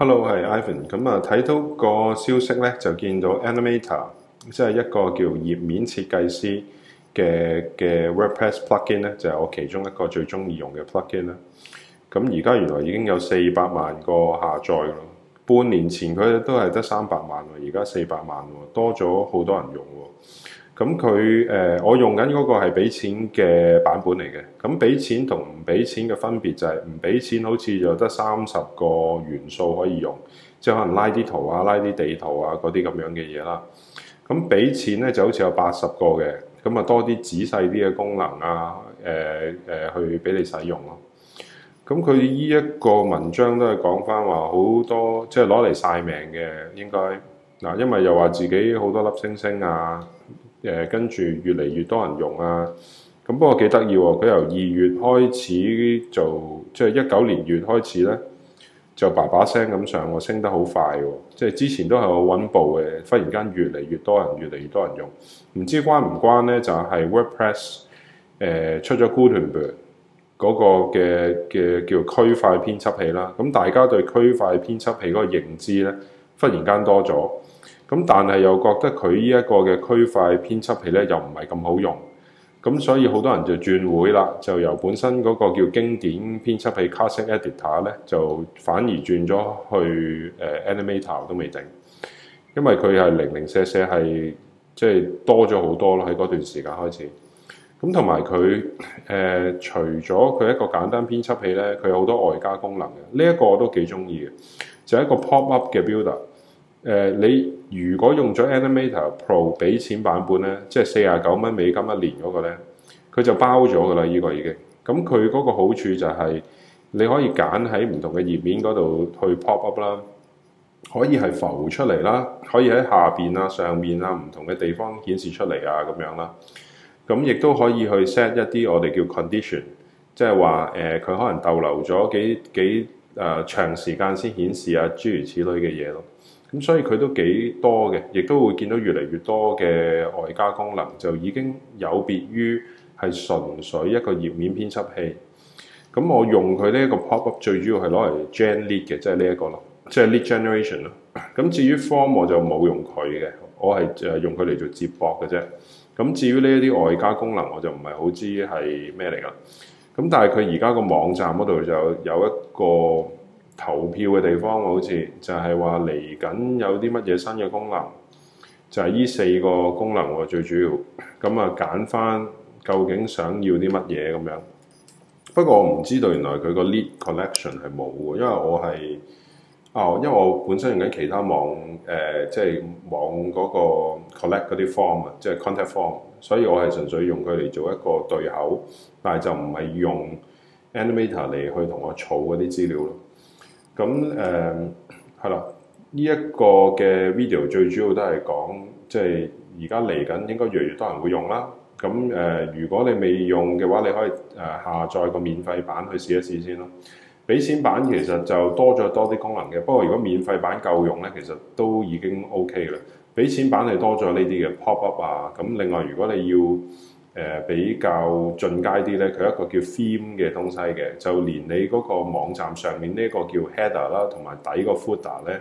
Hello，係 Ivan。咁啊，睇到個消息咧，就見到 Animator，即係一個叫頁面設計師嘅嘅 WordPress plugin 咧，in, 就係我其中一個最中意用嘅 plugin 啦。咁而家原來已經有四百萬個下載咯。半年前佢都係得三百萬喎，而家四百萬喎，多咗好多人用喎。咁佢誒，我用緊嗰個係俾錢嘅版本嚟嘅。咁俾錢同唔俾錢嘅分別就係唔俾錢好似就得三十個元素可以用，即係可能拉啲圖啊、拉啲地圖啊嗰啲咁樣嘅嘢啦。咁俾錢咧就好似有八十個嘅，咁啊多啲仔細啲嘅功能啊，誒、呃、誒、呃、去俾你使用咯啊。咁佢呢一個文章都係講翻話好多，即係攞嚟晒命嘅應該。嗱，因為又話自己好多粒星星啊。誒、呃、跟住越嚟越多人用啊！咁不過幾得意喎，佢由二月開始做，即係一九年月開始咧，就扒扒聲咁上，哦、升得好快喎，哦！即係之前都係好穩步嘅，忽然間越嚟越多人，越嚟越多人用，唔知關唔關咧就係、是、WordPress 誒、呃、出咗 Gutenberg 嗰個嘅嘅叫區塊編輯器啦。咁、嗯、大家對區塊編輯器嗰個認知咧，忽然間多咗。咁但係又覺得佢呢一個嘅區塊編輯器咧，又唔係咁好用，咁所以好多人就轉會啦，就由本身嗰個叫經典編輯器 Classic Editor 咧，就反而轉咗去誒 Animator 都未定，因為佢係零零舍舍係即係多咗好多咯，喺嗰段時間開始。咁同埋佢誒除咗佢一個簡單編輯器咧，佢有好多外加功能嘅，呢、這、一個我都幾中意嘅，就係、一個 Pop Up 嘅 Builder。誒，你如果用咗 Animator Pro 俾錢版本咧，即係四十九蚊美金一年嗰，那個咧，佢就包咗噶啦。依個已經咁，佢嗰個好處就係你可以揀喺唔同嘅頁面嗰度去 pop up 啦，可以係浮出嚟啦，可以喺下邊啊、上面啊唔同嘅地方顯示出嚟啊，咁樣啦。咁亦都可以去 set 一啲我哋叫 condition，即係話誒，佢可能逗留咗幾幾誒長時間先顯示啊，諸如此類嘅嘢咯。咁所以佢都幾多嘅，亦都會見到越嚟越多嘅外加功能，就已經有別於係純粹一個頁面編輯器。咁我用佢呢一個 pop-up 最主要係攞嚟 gen lead 嘅，即係呢一個咯，即係 lead generation 咯。咁至於 form 我就冇用佢嘅，我係就用佢嚟做接駁嘅啫。咁至於呢一啲外加功能，我就唔係好知係咩嚟啦。咁但係佢而家個網站嗰度就有一個投票嘅地方，好似就係話嚟緊有啲乜嘢新嘅功能，就係、是、呢四個功能我、哦、最主要。咁啊，揀返究竟想要啲乜嘢咁樣。不過我唔知道原來佢個 lead collection 係冇嘅，因為我係啊、哦，因為我本身用緊其他網誒，即、呃、係、就是、網嗰個 collect 嗰啲 form 啊，即係 contact form，所以我係純粹用佢嚟做一個對口，但係就唔係用 Animator 嚟去同我儲嗰啲資料咯。咁誒係啦，呢一個嘅 video 最主要都係講，即係而家嚟緊應該越嚟越多人會用啦。咁誒、呃，如果你未用嘅話，你可以誒、呃、下載個免費版去試一試先咯。俾錢版其實就多咗多啲功能嘅，不過如果免費版夠用咧，其實都已經 OK 啦。俾錢版係多咗呢啲嘅 pop up 啊，咁另外如果你要。誒、呃、比較進階啲咧，佢一個叫 Theme 嘅東西嘅，就連你嗰個網站上面呢個叫 Header 啦、er，同埋底個 Footer 咧，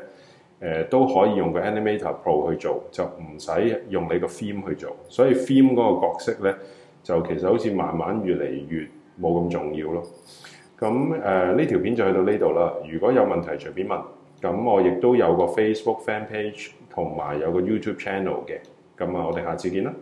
誒都可以用個 Animator Pro 去做，就唔使用，用你個 Theme 去做。所以 Theme 嗰個角色咧，就其實好似慢慢越嚟越冇咁重要咯。咁誒呢條片就去到呢度啦。如果有問題隨便問，咁我亦都有個 Facebook Fan Page 同埋有，有個 YouTube Channel 嘅。咁啊，我哋下次見啦。